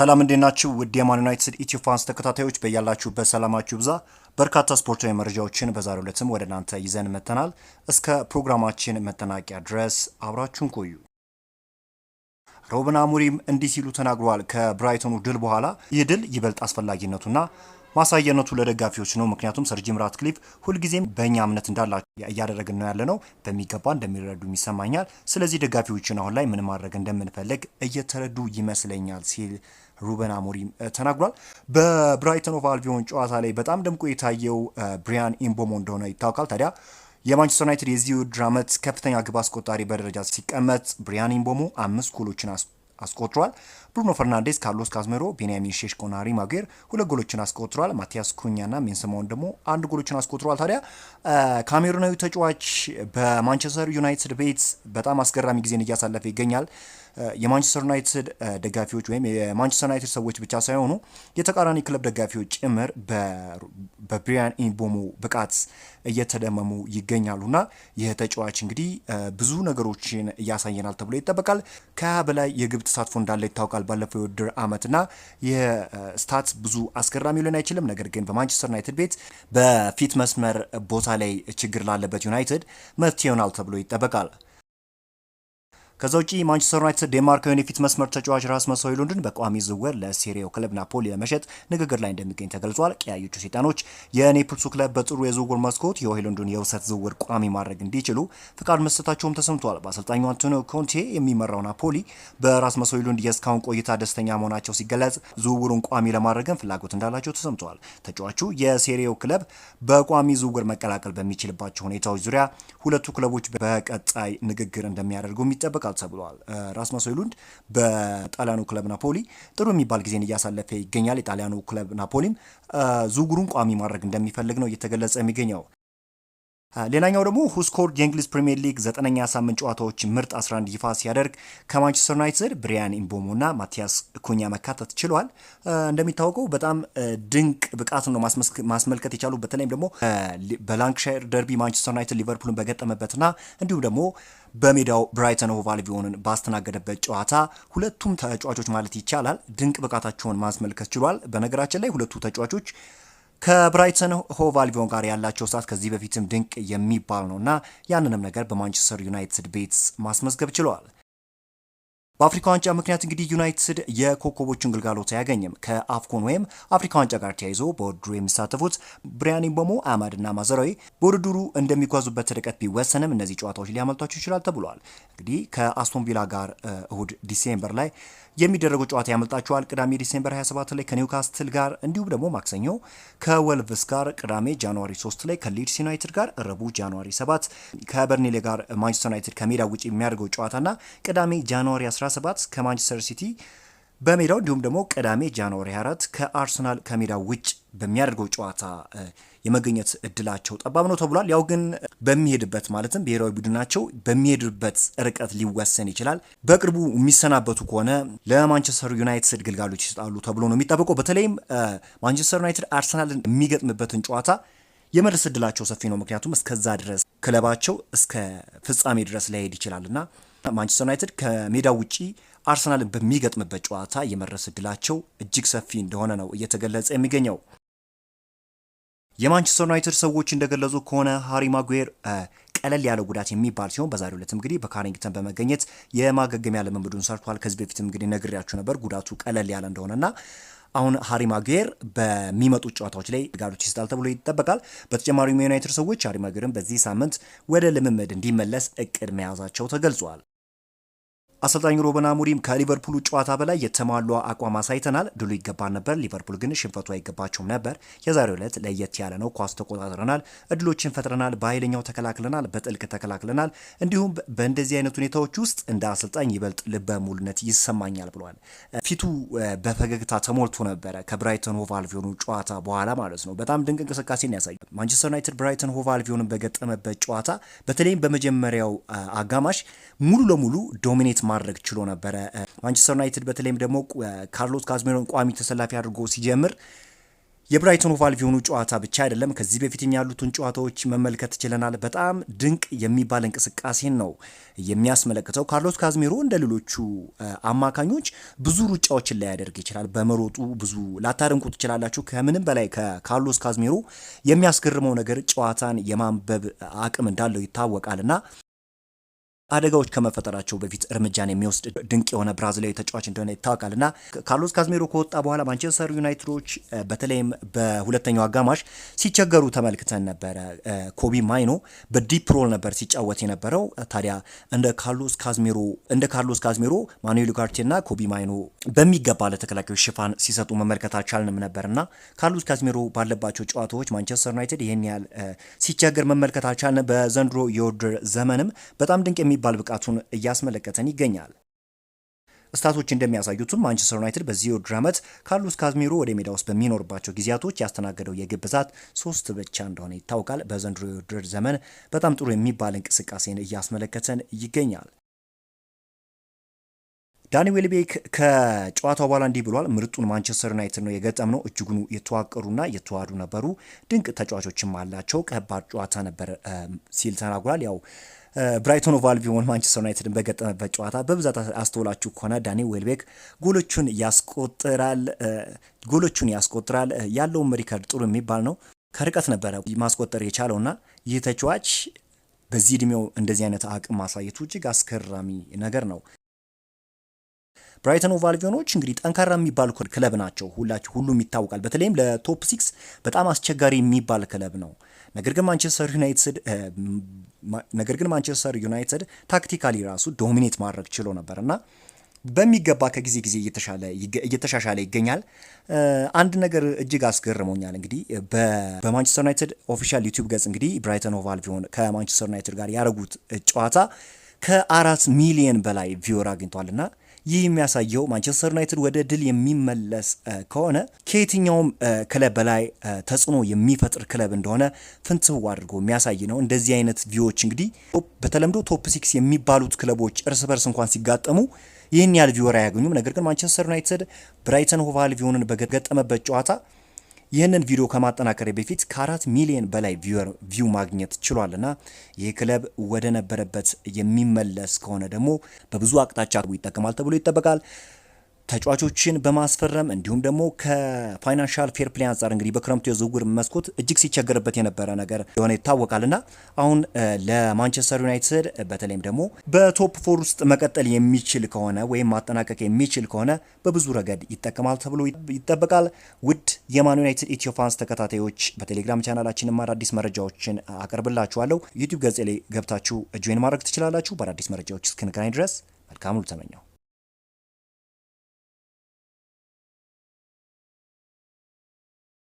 ሰላም እንዴት ናችሁ? ውድ የማን ዩናይትድ ኢትዮ ፋንስ ተከታታዮች በያላችሁበት ሰላማችሁ ብዛ። በርካታ ስፖርታዊ መረጃዎችን በዛሬው ዕለትም ወደ እናንተ ይዘን መጥተናል። እስከ ፕሮግራማችን መጠናቂያ ድረስ አብራችሁን ቆዩ። ሮበን አሞሪም እንዲህ ሲሉ ተናግረዋል። ከብራይተኑ ድል በኋላ ይህ ድል ይበልጥ አስፈላጊነቱና ማሳየነቱ ለደጋፊዎች ነው። ምክንያቱም ሰር ጂም ራትክሊፍ ሁልጊዜም በእኛ እምነት እንዳላቸው እያደረግን ነው ያለ ነው በሚገባ እንደሚረዱ ይሰማኛል። ስለዚህ ደጋፊዎችን አሁን ላይ ምን ማድረግ እንደምንፈልግ እየተረዱ ይመስለኛል ሲል ሩበን አሞሪም ተናግሯል። በብራይተን ኦፍ አልቪዮን ጨዋታ ላይ በጣም ደምቆ የታየው ብሪያን ኢምቦሞ እንደሆነ ይታወቃል። ታዲያ የማንቸስተር ዩናይትድ የዚህ ውድድር ዓመት ከፍተኛ ግብ አስቆጣሪ በደረጃ ሲቀመጥ ብሪያን ኢምቦሞ አምስት ጎሎችን አስቆጥሯል። ብሩኖ ፈርናንዴስ፣ ካርሎስ ካዝሜሮ፣ ቤንያሚን ሼሽኮና ሪማጌር ሁለት ጎሎችን አስቆጥሯል። ማቲያስ ኩኛና ሜንሰማውን ደግሞ አንድ ጎሎችን አስቆጥሯል። ታዲያ ካሜሩናዊ ተጫዋች በማንቸስተር ዩናይትድ ቤት በጣም አስገራሚ ጊዜን እያሳለፈ ይገኛል። የማንቸስተር ዩናይትድ ደጋፊዎች ወይም የማንቸስተር ዩናይትድ ሰዎች ብቻ ሳይሆኑ የተቃራኒ ክለብ ደጋፊዎች ጭምር በብሪያን ኢንቦሞ ብቃት እየተደመሙ ይገኛሉና ይህ ተጫዋች እንግዲህ ብዙ ነገሮችን እያሳየናል ተብሎ ይጠበቃል። ከሀያ በላይ የግብ ተሳትፎ እንዳለ ይታወቃል። አርሰናል ባለፈው የውድድር ዓመትና የስታትስ ብዙ አስገራሚ ሊሆን አይችልም። ነገር ግን በማንቸስተር ዩናይትድ ቤት በፊት መስመር ቦታ ላይ ችግር ላለበት ዩናይትድ መፍትሄ ይሆናል ተብሎ ይጠበቃል። ከዛ ውጪ ማንቸስተር ዩናይትድ ዴንማርካዊውን የፊት መስመር ተጫዋች ራስመስ ሆይሉንድን በቋሚ ዝውውር ለሴሪዮ ክለብ ናፖሊ ለመሸጥ ንግግር ላይ እንደሚገኝ ተገልጿል። ቀያዮቹ ሰይጣኖች የኔፕልሱ ክለብ በጥሩ የዝውውር መስኮት የሆይሉንዱን የውሰት ዝውውር ቋሚ ማድረግ እንዲችሉ ፍቃድ መስጠታቸውም ተሰምቷል። በአሰልጣኙ አንቶኒዮ ኮንቴ የሚመራው ናፖሊ በራስመስ ሆይሉንድ የእስካሁን ቆይታ ደስተኛ መሆናቸው ሲገለጽ ዝውውሩን ቋሚ ለማድረግም ፍላጎት እንዳላቸው ተሰምቷል። ተጫዋቹ የሴሪዮ ክለብ በቋሚ ዝውውር መቀላቀል በሚችልባቸው ሁኔታዎች ዙሪያ ሁለቱ ክለቦች በቀጣይ ንግግር እንደሚያደርጉም ይጠበቃል። ያስታውሳል ተብሏል። ራስመስ ሆይሉንድ በጣሊያኑ ክለብ ናፖሊ ጥሩ የሚባል ጊዜን እያሳለፈ ይገኛል። የጣሊያኑ ክለብ ናፖሊም ዝውውሩን ቋሚ ማድረግ እንደሚፈልግ ነው እየተገለጸ የሚገኘው። ሌላኛው ደግሞ ሁስኮርድ የእንግሊዝ ፕሪምየር ሊግ ዘጠነኛ ሳምንት ጨዋታዎች ምርጥ 11 ይፋ ሲያደርግ ከማንቸስተር ዩናይትድ ብሪያን ኢምቦሞ እና ማቲያስ ኩኛ መካተት ችሏል። እንደሚታወቀው በጣም ድንቅ ብቃት ነው ማስመልከት የቻሉ በተለይም ደግሞ በላንክሻየር ደርቢ ማንቸስተር ዩናይትድ ሊቨርፑልን በገጠመበትና እንዲሁም ደግሞ በሜዳው ብራይተን ኦቭ አልቢዮንን ባስተናገደበት ጨዋታ ሁለቱም ተጫዋቾች ማለት ይቻላል ድንቅ ብቃታቸውን ማስመልከት ችሏል። በነገራችን ላይ ሁለቱ ተጫዋቾች ከብራይተን ሆቭ አልቢዮን ጋር ያላቸው ሰዓት ከዚህ በፊትም ድንቅ የሚባል ነው እና ያንንም ነገር በማንቸስተር ዩናይትድ ቤት ማስመዝገብ ችለዋል። በአፍሪካ ዋንጫ ምክንያት እንግዲህ ዩናይትድ የኮከቦቹን ግልጋሎት አያገኝም። ከአፍኮን ወይም አፍሪካ ዋንጫ ጋር ተያይዞ በውድድሩ የሚሳተፉት ብሪያን አማድ አማድና ማዘራዊ በውድድሩ እንደሚጓዙበት ርቀት ቢወሰንም እነዚህ ጨዋታዎች ሊያመልጧቸው ይችላል ተብሏል። እንግዲህ ከአስቶን ቪላ ጋር እሁድ ዲሴምበር ላይ የሚደረገው ጨዋታ ያመልጣቸዋል። ቅዳሜ ዲሴምበር 27 ላይ ከኒውካስትል ጋር እንዲሁም ደግሞ ማክሰኞ ከወልቭስ ጋር፣ ቅዳሜ ጃንዋሪ 3 ላይ ከሊድስ ዩናይትድ ጋር፣ ረቡዕ ጃንዋሪ 7 ከበርኔሌ ጋር ማንቸስተር ዩናይትድ ከሜዳ ውጭ የሚያደርገው ጨዋታና ቅዳሜ ጃንዋሪ 1 17 ከማንቸስተር ሲቲ በሜዳው እንዲሁም ደግሞ ቅዳሜ ጃንዋሪ 24 ከአርሰናል ከሜዳው ውጭ በሚያደርገው ጨዋታ የመገኘት እድላቸው ጠባብ ነው ተብሏል። ያው ግን በሚሄድበት ማለትም ብሔራዊ ቡድናቸው በሚሄድበት ርቀት ሊወሰን ይችላል። በቅርቡ የሚሰናበቱ ከሆነ ለማንቸስተር ዩናይትድ ግልጋሎች ይሰጣሉ ተብሎ ነው የሚጠበቀው። በተለይም ማንቸስተር ዩናይትድ አርሰናልን የሚገጥምበትን ጨዋታ የመድረስ እድላቸው ሰፊ ነው። ምክንያቱም እስከዛ ድረስ ክለባቸው እስከ ፍጻሜ ድረስ ላይሄድ ይችላልና ማንቸስተር ዩናይትድ ከሜዳ ውጪ አርሰናልን በሚገጥምበት ጨዋታ የመድረስ እድላቸው እጅግ ሰፊ እንደሆነ ነው እየተገለጸ የሚገኘው። የማንቸስተር ዩናይትድ ሰዎች እንደገለጹ ከሆነ ሃሪ ማጉዌር ቀለል ያለው ጉዳት የሚባል ሲሆን በዛሬው ዕለት እንግዲህ በካሪንግተን በመገኘት የማገገሚያ ልምምዱን ሰርቷል። ከዚህ በፊትም እንግዲህ ነግሬያችሁ ነበር ጉዳቱ ቀለል ያለ እንደሆነና አሁን ሃሪ ማጉዌር በሚመጡት ጨዋታዎች ላይ ጋሎች ይስጣል ተብሎ ይጠበቃል። በተጨማሪም የዩናይትድ ሰዎች ሃሪ ማጉዌርን በዚህ ሳምንት ወደ ልምምድ እንዲመለስ እቅድ መያዛቸው ተገልጿል። አሰልጣኝ ሩበን አሞሪም ከሊቨርፑሉ ጨዋታ በላይ የተሟሉ አቋም አሳይተናል። ድሉ ይገባን ነበር። ሊቨርፑል ግን ሽንፈቱ አይገባቸውም ነበር። የዛሬው ዕለት ለየት ያለ ነው። ኳስ ተቆጣጥረናል፣ እድሎችን ፈጥረናል፣ በኃይለኛው ተከላክለናል፣ በጥልቅ ተከላክለናል። እንዲሁም በእንደዚህ አይነት ሁኔታዎች ውስጥ እንደ አሰልጣኝ ይበልጥ ልበ ሙሉነት ይሰማኛል ብሏል። ፊቱ በፈገግታ ተሞልቶ ነበረ ከብራይተን ሆቭ አልቪዮኑ ጨዋታ በኋላ ማለት ነው። በጣም ድንቅ እንቅስቃሴን ያሳያል። ማንቸስተር ዩናይትድ ብራይተን ሆቭ አልቢዮንን በገጠመበት ጨዋታ በተለይም በመጀመሪያው አጋማሽ ሙሉ ለሙሉ ዶሚኔት ማድረግ ችሎ ነበረ። ማንቸስተር ዩናይትድ በተለይም ደግሞ ካርሎስ ካዝሜሮን ቋሚ ተሰላፊ አድርጎ ሲጀምር የብራይቶን ኦቫል የሆኑ ጨዋታ ብቻ አይደለም፣ ከዚህ በፊትም ያሉትን ጨዋታዎች መመልከት ችለናል። በጣም ድንቅ የሚባል እንቅስቃሴን ነው የሚያስመለክተው። ካርሎስ ካዝሜሮ እንደ ሌሎቹ አማካኞች ብዙ ሩጫዎችን ላያደርግ ይችላል። በመሮጡ ብዙ ላታደንቁ ትችላላችሁ። ከምንም በላይ ከካርሎስ ካዝሜሮ የሚያስገርመው ነገር ጨዋታን የማንበብ አቅም እንዳለው ይታወቃል እና አደጋዎች ከመፈጠራቸው በፊት እርምጃን የሚወስድ ድንቅ የሆነ ብራዚላዊ ተጫዋች እንደሆነ ይታወቃል እና ካርሎስ ካዝሜሮ ከወጣ በኋላ ማንቸስተር ዩናይትዶች በተለይም በሁለተኛው አጋማሽ ሲቸገሩ ተመልክተን ነበረ። ኮቢ ማይኖ በዲፕ ሮል ነበር ሲጫወት የነበረው። ታዲያ እንደ ካርሎስ ካዝሜሮ እንደ ካርሎስ ካዝሜሮ ማኑኤል ኡጋርቴና ኮቢ ማይኖ በሚገባ ለተከላካዮች ሽፋን ሲሰጡ መመልከት አልቻልንም ነበርና ካርሎስ ካዝሜሮ ባለባቸው ጨዋታዎች ማንቸስተር ዩናይትድ ይህን ያህል ሲቸገር መመልከት አልቻልንም። በዘንድሮ የውድድር ዘመንም በጣም ድንቅ የሚ የሚባል ብቃቱን እያስመለከተን ይገኛል። እስታቶች እንደሚያሳዩትም ማንቸስተር ዩናይትድ በዚህ የውድድር ዓመት ካርሎስ ካዝሚሮ ወደ ሜዳ ውስጥ በሚኖርባቸው ጊዜያቶች ያስተናገደው የግብ ብዛት ሶስት ብቻ እንደሆነ ይታወቃል። በዘንድሮ የውድድር ዘመን በጣም ጥሩ የሚባል እንቅስቃሴን እያስመለከተን ይገኛል። ዳኒ ዌልቤክ ከጨዋታው በኋላ እንዲህ ብሏል። ምርጡን ማንቸስተር ዩናይትድ ነው የገጠም ነው። እጅጉኑ የተዋቀሩና የተዋዱ ነበሩ። ድንቅ ተጫዋቾችም አላቸው። ከባድ ጨዋታ ነበር ሲል ተናግሯል። ያው ብራይቶን ኦቭ አልቢዮን ማንቸስተር ዩናይትድን በገጠመበት ጨዋታ በብዛት አስተውላችሁ ከሆነ ዳኒ ዌልቤክ ጎሎቹን ያስቆጥራል ጎሎቹን ያስቆጥራል። ያለውም ሪከርድ ጥሩ የሚባል ነው። ከርቀት ነበረ ማስቆጠር የቻለውና ይህ ተጫዋች በዚህ እድሜው እንደዚህ አይነት አቅም ማሳየቱ እጅግ አስገራሚ ነገር ነው። ብራይተን ኦቭ አልቢዮኖች እንግዲህ ጠንካራ የሚባል ክለብ ናቸው። ሁላችሁ ሁሉም ይታወቃል። በተለይም ለቶፕ ሲክስ በጣም አስቸጋሪ የሚባል ክለብ ነው። ነገር ግን ማንቸስተር ዩናይትድ ነገር ግን ማንቸስተር ዩናይትድ ታክቲካሊ ራሱ ዶሚኔት ማድረግ ችሎ ነበር እና በሚገባ ከጊዜ ጊዜ እየተሻሻለ ይገኛል። አንድ ነገር እጅግ አስገርሞኛል። እንግዲህ በማንቸስተር ዩናይትድ ኦፊሻል ዩቲዩብ ገጽ እንግዲህ ብራይተን ኦቫል ቪሆን ከማንቸስተር ዩናይትድ ጋር ያደረጉት ጨዋታ ከአራት ሚሊየን በላይ ቪወር አግኝቷል እና ይህ የሚያሳየው ማንቸስተር ዩናይትድ ወደ ድል የሚመለስ ከሆነ ከየትኛውም ክለብ በላይ ተጽዕኖ የሚፈጥር ክለብ እንደሆነ ፍንትው አድርጎ የሚያሳይ ነው። እንደዚህ አይነት ቪዎች እንግዲህ በተለምዶ ቶፕ ሲክስ የሚባሉት ክለቦች እርስ በርስ እንኳን ሲጋጠሙ ይህን ያህል ቪወር አያገኙም። ነገር ግን ማንቸስተር ዩናይትድ ብራይተን ሆቫል ቪዮንን በገጠመበት ጨዋታ ይህንን ቪዲዮ ከማጠናከሪያ በፊት ከአራት ሚሊዮን በላይ ቪው ማግኘት ችሏል እና ይህ ክለብ ወደ ነበረበት የሚመለስ ከሆነ ደግሞ በብዙ አቅጣጫ ይጠቀማል ተብሎ ይጠበቃል። ተጫዋቾችን በማስፈረም እንዲሁም ደግሞ ከፋይናንሻል ፌር ፕሌይ አንጻር እንግዲህ በክረምቱ የዝውውር መስኮት እጅግ ሲቸገርበት የነበረ ነገር የሆነ ይታወቃልና አሁን ለማንቸስተር ዩናይትድ በተለይም ደግሞ በቶፕ ፎር ውስጥ መቀጠል የሚችል ከሆነ ወይም ማጠናቀቅ የሚችል ከሆነ በብዙ ረገድ ይጠቀማል ተብሎ ይጠበቃል። ውድ የማን ዩናይትድ ኢትዮ ፋንስ ተከታታዮች በቴሌግራም ቻናላችንም አዳዲስ መረጃዎችን አቀርብላችኋለሁ። ዩቲዩብ ገጽ ላይ ገብታችሁ እጆይን ማድረግ ትችላላችሁ። በአዳዲስ መረጃዎች እስክንገናኝ ድረስ መልካም ሁሉ ተመኘው።